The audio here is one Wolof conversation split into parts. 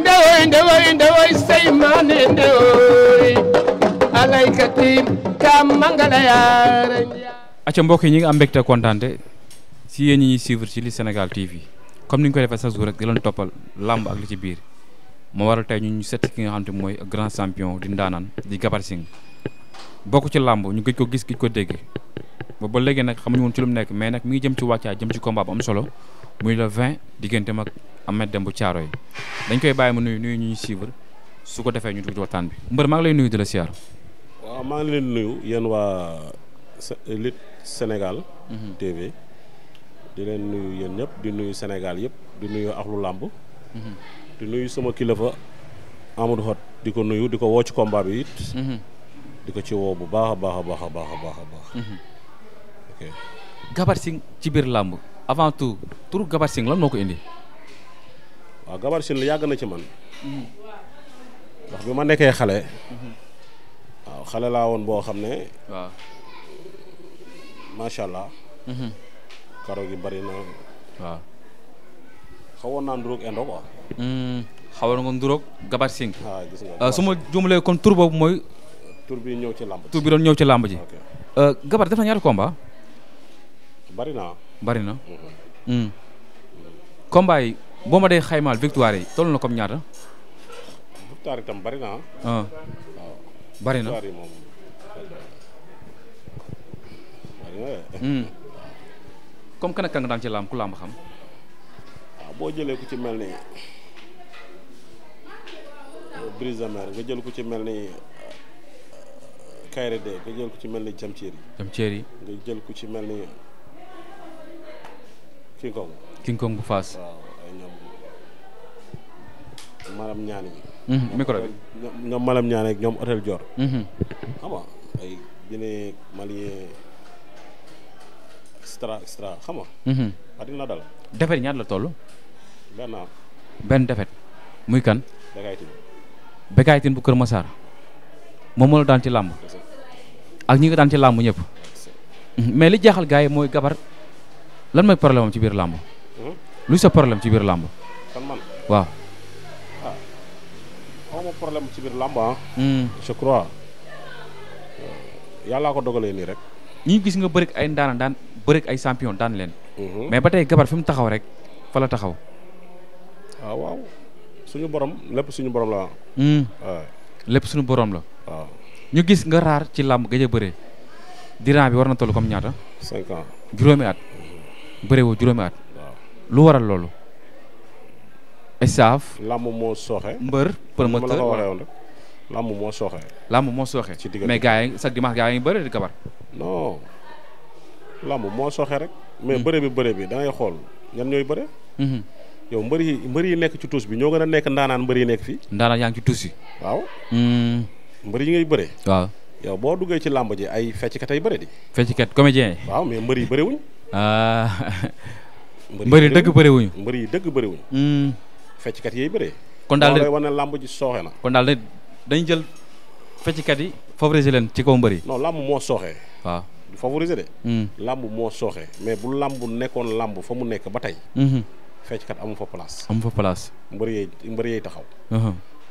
ndewoy ndewoy ndewoy seymane ndewoy alayka tim ka mangala acca mbokk yi ñi am mbégte kontaante si yéen ñi ñuy suivre ci li Sénégal TV comme ni ñu koy defee chaque jour rek di leen toppal làmb ak li ci biir moo waral tey ñu ñu set ki nga xam te mooy grand champion di ndaanaan di Gabar Singh bokku ci lamb ñu gëj ko gis gëj ko déggé ba ba légui nak xamnu won ci lu mu nekk mais nak mi ngi jëm ci wacca jëm ci combat bu am solo muy le 20 digganteem ak Ahmed Demba yi dañ koy bàyyi mu nuyu nuyu ñu suivre su ko défé ñu dugg ci waxtaan bi mbeur ma ngi lay nuyu de la siyaar. wa ma ngi lay nuyu yeen wa lit Sénégal. Mhm. TV di len nuyu yeen ñep di nuyu Sénégal yep di nuyu akhlu lamb mhm. di nuyu sama kilafa Amadou hot diko nuyu diko wo ci combat bi it. Mhm diko ci wo bu baakha baakha baakha baakha baakha a baax a ok Gabar sing ci bir lamb avant tout tour Gabar sing lan moko indi wa ah, Gabar sing yag na ci man mm-hmm. wax bima nekké xalé xale waaw mm-hmm. ah, xale laa woon boo xam ne waaw ah. macha allah mm-hmm. karo gi bari na wa xawon xawoon naa endo ko hmm xawon ngon nduróog Gabar sing ah gis nga sumu jumlé kon tour boobu moy tur bi ñëw ci làmb ji bi doon ñëw ci làmb ji. Euh, Gabar def na ñaari combat. bari na bari na. Mhm. Hmm. combat yi boo ma dee xaymaal victoire yi toll na comme ñaata. victoire itam bari na ah. bari na victoire yi moom bari na. Hmm. comme kan nga daan ci làmb ku làmb xam. Ah, boo jëlee ku ci mel ni. brise de mer nga jël ku ci mel ni. Kayre de nga jël ko ci melni ni Jamceer yi Jamceer nga jël ko ci melni King Kong King Kong bu fas malam ñaan yi mhm, micro bi ñom malam ñaan ak ñom hotel Dior xam mhm. ah nga ay Guinée Malien extra extra xam nga mhm. atin la dal defet ñaan la tollu ben ben defet muy kan Bekaytin Bekaytin bu keur Massar moom moo daan ci lamb ak ñi nga daan ci lamb ñep mais mhm. li jaxal gaay moy gabar lan moy problème ci bir lamb lu sa problème ci bir lamb kon man waaw xawma problème ci bir lamb hmm je crois yalla ko dogalé ni rek ñi gis nga bërek ay ndaana daan bërek ay champion daan len mais mhm. batay gabar fimu taxaw rek fa la taxaw ah waaw suñu borom lepp suñu borom la waaw hmm. ah lepp suñu borom la. waaw ñu gis nga rar ci lamb gëjë bëré bëre. diran bi war na tollu comme ñaata. 5 ans juroomi at. Mhm. bëré woo juroomi at. waaw lu waral lolu esaf lamb mo soxé mbeur promoteur la waxee woon rek lamb mo soxé lamb mo soxé mais gaay sa dimanche gaay bëré di kabar. non lamb mo soxé rek. mais mhm. bëré bi bëré bi da ngay xol ñan ñoy bëré hmm yow mbëri yi mbër yi nekk ci tuus bi ñoo gën a nekk ndaanaan mbër yi nekk fi ndaanaan yaa ngi ci tuus yi. waaw. Hmm. mbër yi ngay bëree. waaw yow boo duggee ci làmb ji ay fecckat ay bëre di. fecckat comédien yi. waaw mais mbër yi bëriwuñ. Ah. mbër yi dëgg bëriwuñ mbër hmm. yi dëgg bëriwuñ. fecckat yay bëree. kon daal de wane làmb ji sooxe na. kon daal dañ jël fecckat yi favoriser leen ci kaw mbër yi. non làmb moo sooxee. waaw du favoriser de. Hmm. làmb moo sooxee mais bu làmb nekkoon làmb fa mu nekk ba tey. fecckat amu fa place. amu fa place. mbër yee mbër yee taxaw.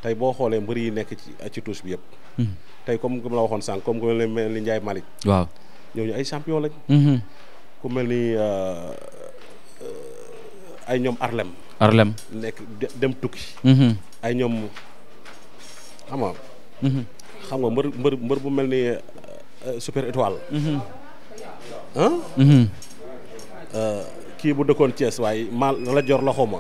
tey boo xoolee mbër yi nekk ci ci touche bi yëpp. Hmm. tey comme comme la waxoon sànq comme ku mel ni Ndiaye Malick. waaw ñooñu ay champion lañ. Hmm. ku mel ni euh, euh, ay ñoom Arlem. Arlem nekk dem tukki. Hmm. ay ñoom xam nga. xam nga mbër mbër mbër bu mel ni euh, super étoile. ah. kii bu dëkkoon Thiès waaye ma la jor loxo ma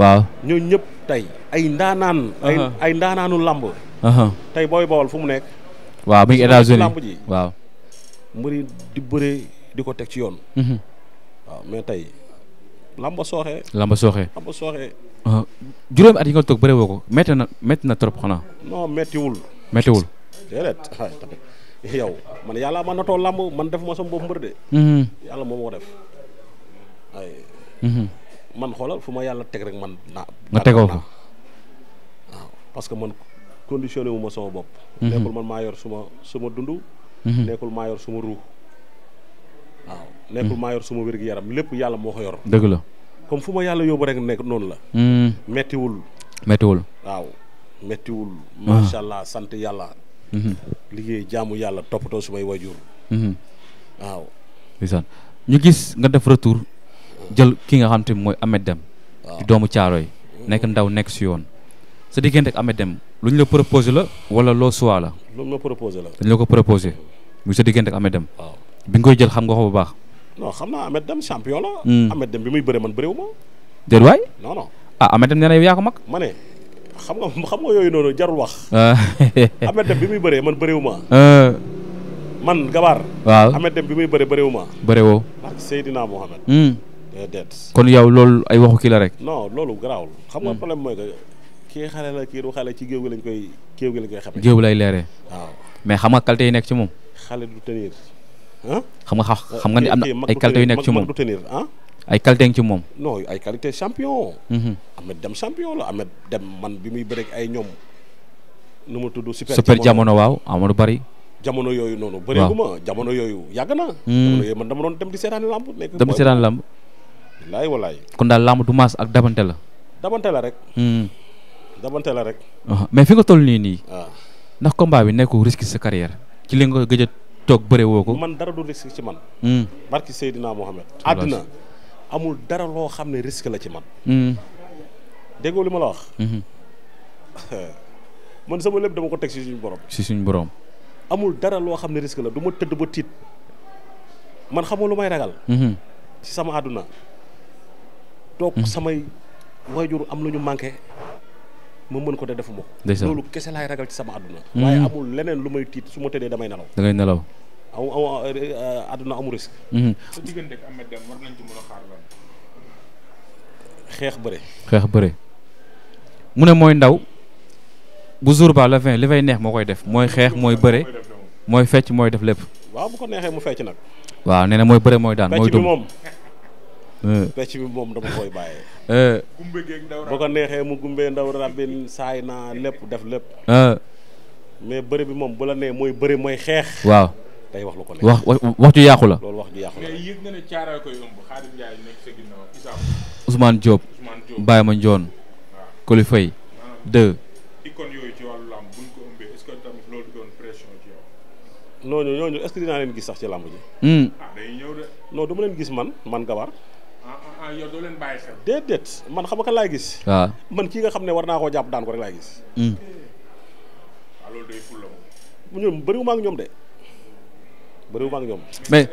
waaw ñoo ñëpp tey ay ndaanaan ay uh-huh. ay ndaanaanu lamb uh-huh. tey booy bawol fu mu nekk waaw mu ngi États-Unis lamb ji waaw mbëri di ko teg ci yoon mm-hmm. waaw mais tey lamba sooxee lamba sooxee lamba sooxee uh-huh. juróomi at yi nga toog bëree woo ko métti na trop xanaa non méttiwul méttiwul déedéet yow man yàlla man natoo lamb man defuma sama bopp mbër de mm-hmm. yàlla moom moo def ay mhm. man xoolal fu ma yàlla teg rek man naa nga tegoo fa waaw parce que man conditionné wu ma sama bopp mhm. nekkul man maa yor suma suma dund mhm. nekkul maa yor suma ruux waaw nekkul maa yor suma wér-gi yaram lépp yàlla moo ko yor dëgg la comme fu ma yàlla yóbbu rek nekk noonu la mettiwul mettiwul waaw mettiwul ah. macha allah sant yàlla liggéey jaamu yàlla toppatoo sumay wajur waaw ndeysaan ñu gis nga def retour jël ki nga xam te mooy Ameth Dème di doomu Caaroy nekk ndaw nekk si yoon sa diggante ak Ameth Dème lu ñu la proposé la wala loo suwaa la lu ma la dañ la ko proposé muy sa diggante ak Ameth Dème waaw bi nga koy jël xam nga ko bu baax non xam naa Ameth Dème champion la hmm. Ameth Dème bi muy bëre man bëréwu ma déet waay non non ah Ameth Dème nee na yow yaa ko ma ne xam nga xam nga yooyu noonu jarul wax Ameth ah. Dème bi muy bëree man bëréwu ma ah. man gabaar waaw Ameth bi muy bëre bëréwu ma déedéet kon yow lool ay waxu kii la rek. loolu garaawul. xam nga hmm. problème mooy que kii xale la kii du ci géew gi lañ koy géew gi koy xamee. géew lay leeree. waaw mais xam nga qualité yi nekk ci moom. xale du tenir xam nga xam nga ni am na ay qualité yu nekk ci moom du tenir ah. ay qualité ci moom. non ay qualité champion. Hmm. Ahmed Deme champion la Ahmed dem man bi muy bëreeg ay ñoom nu mu tudd. super jamono super jamono waaw amoon bari. jamono yooyu noonu. waaw bëreeguma jamono yooyu yàgg na. Hmm. jamono yooyu man dem di seetaan lamb. dem di seetaan lamb. lay walay kon daal lamb du maas ak dabante la. dabante la rek. Hmm. dabante la rek. Ah, mais fi nga toll ni ni ah. ndax combat bi nekkul risque sa carrière ci li nga gëj tok toog bëre ko. man dara du risque ci man. Hmm. barki sayidina mohammed aduna amul dara lo xam risque la ci man. Hmm. déggoo li ma la wax. man sama lepp dama ko tek ci suñu borom. ci suñu borom. amul dara lo xam risque la duma ma ba tit man xamoo lu may ragal. ci sama aduna toog mhm. samay waajur am lu ñu manqué ma mën ko de defuma ko loolu kese laay ragal ci sama àdduna mhm. waaye amul leneen lu may tiit suma ma tëddee damay nelaw da ngay nelaw aw aw eh, àdduna amu risque mhm. sa diggante ak Amed a xaar lan xeex bëre xeex bëre mu ne mooy ndaw bu jour ba la fin li fay neex moo koy def mooy xeex mooy bëre mooy fecc mooy def lépp waaw bu ko neexee mu fecc nag waaw nee mooy bëre mooy daan mooy dum Eh. pecc bi moom dama koy bàyyee. Eh. gumbe ko neexee mu gumbee ndaw rabin saay naa lépp def lépp. Eh. mais bëri bi moom bu la nee mooy bëri mooy xeex. waaw day wax lu ko neex wax wax ju yàqu la. loolu wax ju yàqu la mais yëg nga ne caaraa Ma Ndione. waaw Coly Faye. Ah. deux. icônes yooyu ci wàllu làmb buñ ko ëmbee est-ce que leen gis sax ci làmb ji. Hmm. ah day leen gis man man Gabar. daal yow man xam nga kan gis. waaw man kii nga xam ne war naa koo jàpp daan ko rek laay gis. waaw hmm. ah, loolu day fulla ñoom de bëriwuma ñoom. mais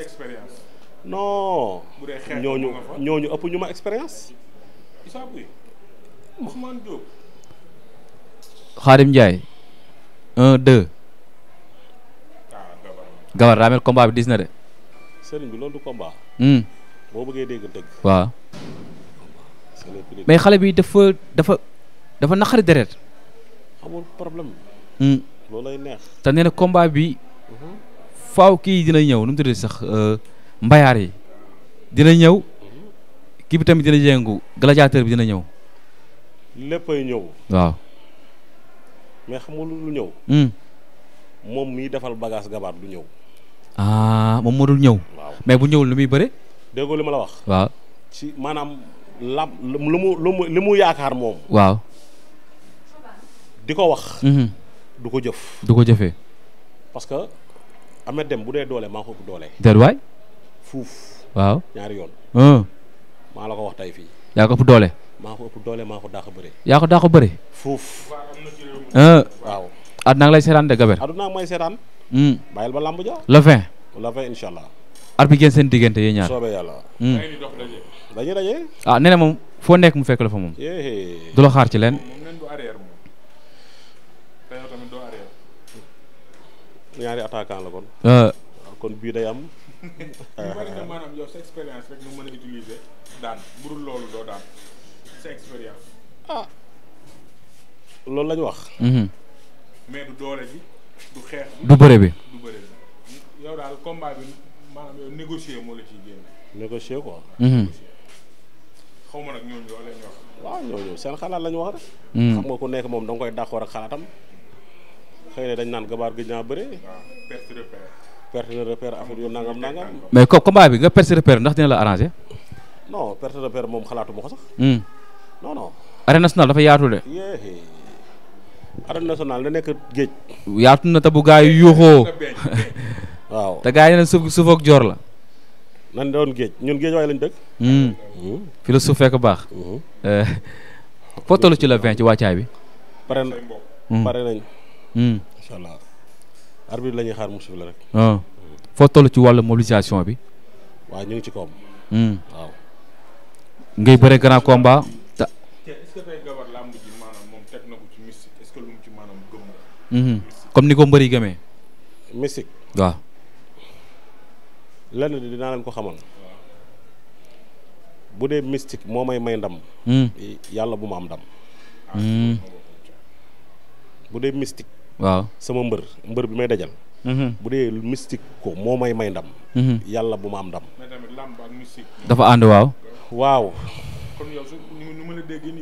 non. ñooñu ñooñu ëpp ñu ma expérience. Issa Pouye. Ousmane Diop. Khadim Ndiaye. Ah, de. sëriñ bi loolu du combat. Hmm. boo bëggee dégg dëgg. mais xale bi dafa dafa dafa naqari deret. amul problème. Hmm. loolay neex. te nee na combat bi mhm. faw kii dina ñëw nu mu tuddee sax euh, mbayaar yi dina ñëw mhm. kii bi tamit dina yëngu gladiateur bi dina ñëw. léppay ñëw. waaw. mais xam nga lu ñëw. Hmm. moom miy defal bagage gabaar du ñëw. Ah, moom moo dul ñëw. mais bu ñëwul lu muy bëre. lam lumu lumu lu mu li waaw. di ko wax. Hmm. ko jëf. du ko jëfee. parce que dole Dème bu dee doole maa ko ëpp doole. déet waay. fuuf. waaw ñaari yoon. maa la ko wax tey dole yaa ko ëpp doole. maa ko ëpp doole maa ko daax a bëri. yaa ko daax a bëri. Hmm. waaw. àdduna ngi lay seetaan de Gaber. àdduna ngi may seetaan. bàyyil ba làmb ja. le vingt. le vingt incha allah. at bi ngeen seen diggante yéen ñaar. soobee yàlla. dañuy daje. ah nee moom foo nekk mu fekk la fa moom. du la xaar ci leen. ñaari attaquant la kon. Euh. Ah, kon bii day am. bu bari na maanaam yow a utiliser daan burul loolu doo daan ah. loolu la wax. Mm-hmm. mais du doole bi du xeex bi. du bëre bi yow daal combat bi maanaam yow négocier moo la ciy génne. négocier quoi. Mm-hmm. xaw ma nag ñooñu loolu la ñu wax. waaw seen xalaat la wax rek. Hmm. xam nga ku nekk moom da nga koy d'accord ak xalaatam xëy dañ naan gabaar gi ñaa bëre. waaw perte repère. mais comme combat bi nga perte repère ndax dina la arrangé. non perte repère moom xalaatu ma a sax. Hmm. non non. arène nationale dafa yaatu de. arène nationale da nekk géej. yaatu na te bu gaa yi yuuxoo. te gaa yi ne joor la. nan doon géej ñun géej waaye lañ dëkk. fi hmm. hmm. la baax. Hmm. Eh, foo toll ci la vingt ci wàccaay bi. pare nañ pare nañ. incha allah arbitre la ñuy xaar ah. foo toll ci wàllu mobilisation bi. waaw ñu ngi ci koom. waaw. ngay ni ko mbëri gëmee. mystique waaw. lenn dinaa leen ko xamal bu dee mystique moo may may ndam. Hmm. yàlla bu ma am ndam. Hmm. bu dee mystique. waaw sama mbër mbër bi may dajal. Hmm. bu dee mystique ko moo may may ndam. yàlla bu ma am ndam. dafa ànd waaw. waaw. ma la déggee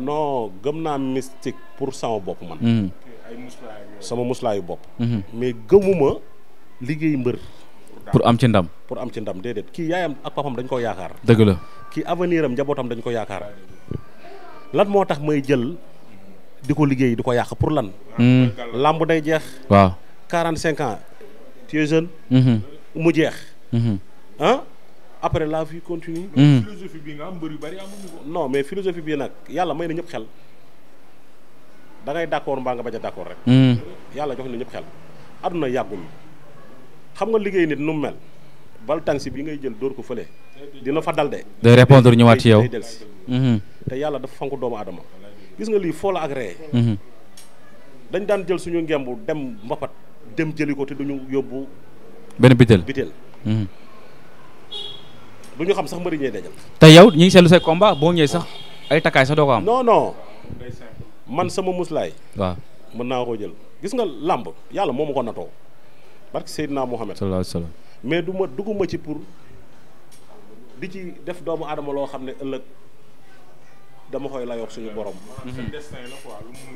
non gëm naa mystique pour sama bopp man. ay muslaayu sama muslaayu bopp. mais gëmuma liggéey mbër. pour am ci ndam pour am ci ndam déedéet kii yaayam ak papam dañ koy yaakaar dëgg la kii avenir am njabootam dañ ko yaakaar lan moo tax may jël di ko liggéey di ko yàq pour lan hmm. làmb day jeex waaw quarante cinq ans tu es jeune hmm. mu jeex ah après la vie continue philosophie am yu bari amuñu non mais philosophie bi nag yàlla may na ñëpp xel da ngay d'accord mbaa nga bañ d'accord rek yàlla jox na ñëpp xel àdduna yàggul xam nga liggéey nit nu mu mel bal tànsi bi ngay jël dóor ko fële dina fa dal de. day répondre ñëwaat ci yow mm-hmm. te yàlla dafa fanku doomu aadama gis nga lii foo la ak ree mm-hmm. dañ daan jël suñu ngemb dem mbapat dem jëli ko te duñu yóbbu. benn bitel bitel. Mm-hmm. du xam sax mbëri ñee dajal. te yow ñu ngi seetlu say combat boo ñëwee sax ay takkaay sax doo ko am. non man sama muslaay. waaw mën naa koo jël gis nga làmb yàlla moo ma ko barke Seydina Mohamed. sallallahu alayhi wa sallam mais du ma dugguma ci pour di ci def doomu aadama loo xam ne ëllëg dama koy layoog suñu borom. Mm-hmm. destin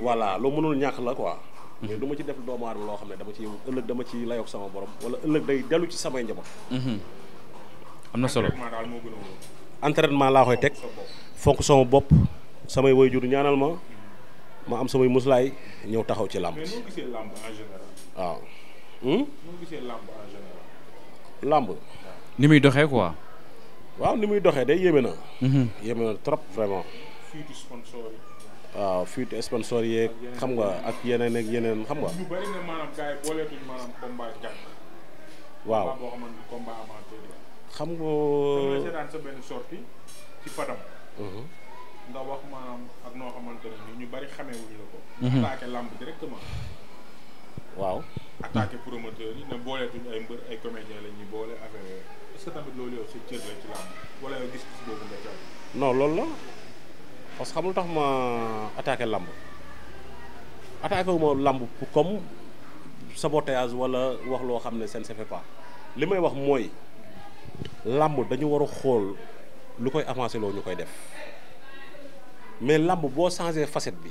la mënul ñàkk la ko mais du ma ci def doomu aadama loo xam ne dama ci ëllëg dama ci layoog sama borom wala ëllëg day dellu ci samay njaboot. Mm-hmm. am na solo entraînement laa koy teg fonk sama bopp samay waajur ñaanal ma ma am samay muslaay ñëw taxaw ci làmb. waaw. Hmm? nu mu làmb en ni muy doxee quoi. waaw ni muy doxee day yéeme na. Mhm. yéeme na trop vraiment. fuite sponsor yi. waaw fuite sponsor yeeg xam nga ak yeneen ak yeneen xam nga. ñu bari na maanaam gars yi waaw combat xam nga. benn sortie ci Fadam. Mhm. nga wax maanaam ak noo xamante ne ñu bari xamee wuñu la ko. Mhm. attaqué làmb directement. waaw attaqué promoteurs yi ne booleetuñ ay mbër ay comédien la ñuy boole affaire yooyu est-ce que tamit loolu yow sa cër la ci làmb wala yow gis-gis boobu nga caw non loolu la parce que xam lu tax ma attaqué làmb attaqué wu ma làmb pour comme sabotage wala wax loo xam ne seen ne pa li may wax mooy làmb dañu war xool lu koy avancé loo ñu koy def mais làmb boo changé facette bi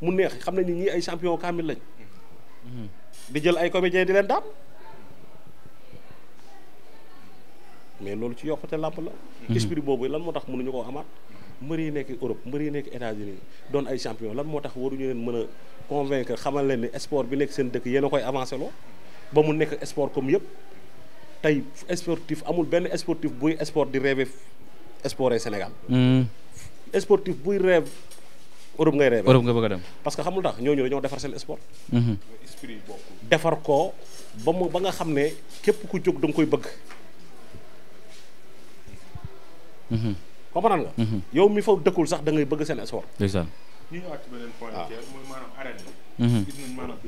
mu neex xam na ni ñii ay champion kaamil lañ di jël ay comédien di leen daan mais loolu ci yokkute làmp la mhm. esprit boobu lan moo tax mun mënuñu koo amaat mbër yi nekk Europe mbër yi nekk États-Unis doon ay champion lan moo tax waruñu leen mën a convaincre xamal leen ne sport bi nekk seen dëkk yéen koy avancé loo ba mu nekk sport comme yëpp tey sportif amul benn sportif buy sport di rêve sport Sénégal mhm. sportif buy rêve Europe ngay reer Europe nga bëgg dem parce que xamul tax ñooñu dañoo defar seen sport mhm. defar ko ba mu ba nga xam ne képp ku jóg da koy bëgg mhm. comprendre nga mhm. yow mi fa dëkkul sax da bëgg seen sport ndeysaan ñu ñëwaat ci beneen point ah. mooy maanaam arène bi gis nañ maanaam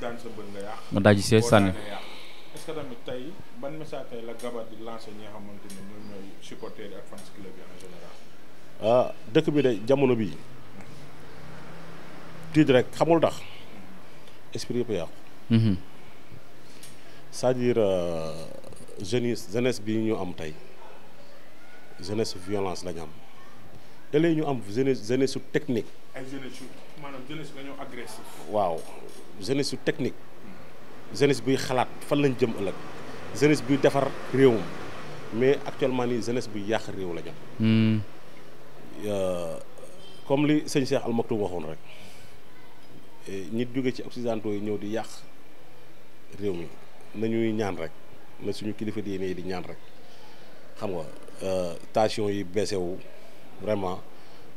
daan sa mbër nga yàq nga daaj see sànni est-ce que message la ñi club en général. Ah, esprit mhm. c'est-à-dire euh, jeunesse jeunesse bi ñu am jeunesse violence que am da lay ñu jeunesse technique. ay jeunesse jeunesse agressif. jeunesse technique jeunesse fan lañ jëm ëllëg jeunesse buy defar réewam mais actuellement nii jeunesse buy yàq réew la ñu. Hmm. Euh, comme li sëñ Cheikh Al Maktoum waxoon rek nit eh, jóge ci occidentaux yi ñëw di yàq réew mi nañuy ñaan rek na suñu kilifa diine yi di ñaan rek xam nga euh, tension yi baissé wu vraiment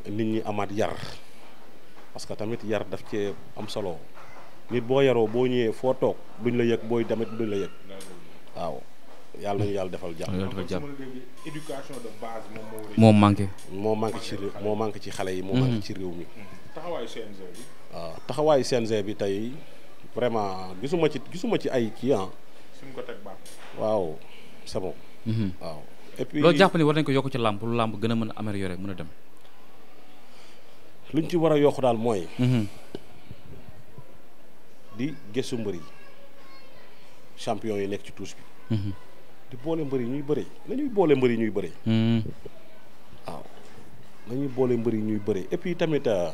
nit ñi amaat yar parce que tamit yar daf cee am solo. nit boo yaroo boo ñëwee foo toog duñu la yëg booy damit duñ la yëg waaw yàlla nañu yàlla defal jàpp. yàlla defal jàpp éducation de base moom moo. moo manqué ci moo manqué xale yi. moo mm-hmm. manqué ci réew mi. taxawaayu CNG bi. taxawaayu CNG bi tey vraiment gisuma ci gisuma ci ay kii ah. suñ ko teg waaw c'est mm-hmm. waaw et puis loolu jàpp ni war nañ ko yokk ci làmp lu làmb gën a mën a améliorer mën a dem. luñ ci war a yokk daal mooy. Mm-hmm. di gëstu mbër yi champion yi nekk ci tuus bi. Mhm. di boole mbër yi ñuy bëre nañuy boole mbër yi ñuy bëre. Mhm. waaw nañuy boole mbër yi ñuy bëre et tamit euh,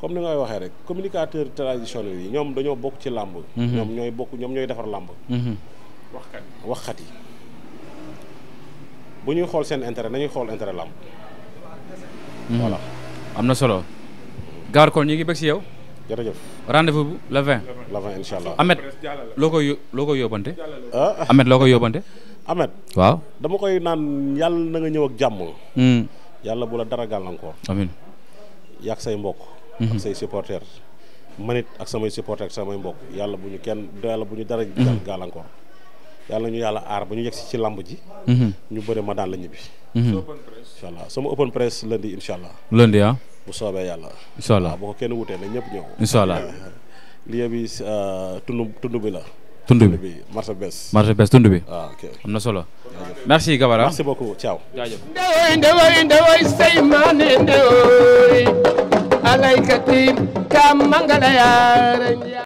comme ni ngay waxee rek communicateur traditionnel yi ñoom dañoo bokk ci làmb. Mhm. ñoom ñooy bokk ñoom ñooy defar làmb. waxkat yi bu ñuy xool seen intérêt nañuy xool intérêt làmb. voilà am na solo. gaar kon ñu ngi bëgg si yow. jërëjëf rendez-vous bu le 20. le 20 allah Ahmed loo koy loo koy yóbbante. ah Ahmed loo koy yóbbante. Ahmed. waaw dama koy naan yàlla na nga ñëw ak jàmm. Hmm. yàlla bu la dara gàllankoor. amiin yàgg say mbokk. Hmm. ak say supporters. manit ak samay supporters ak samay mbokk yàlla bu ñu kenn yàlla bu ñu dara. Hmm. gàllankoor yàlla ñu yàlla aar ba ñu yegg si ci làmb ji. ñu bëre ma daan la ñibbi. incha allah sama open press lundi incha allah. lundi ah. bu soobee yàlla. incha allah bu ko kenn wutee na ñëpp ñëw. incha allah euh, bi la. tund bi marché bees. marché bees tund bi. Ah, am na solo. merci Gabara merci beaucoup ciao. jaajëf. ndewoy ndewoy ndewoy say maane ndewoy alaykati ka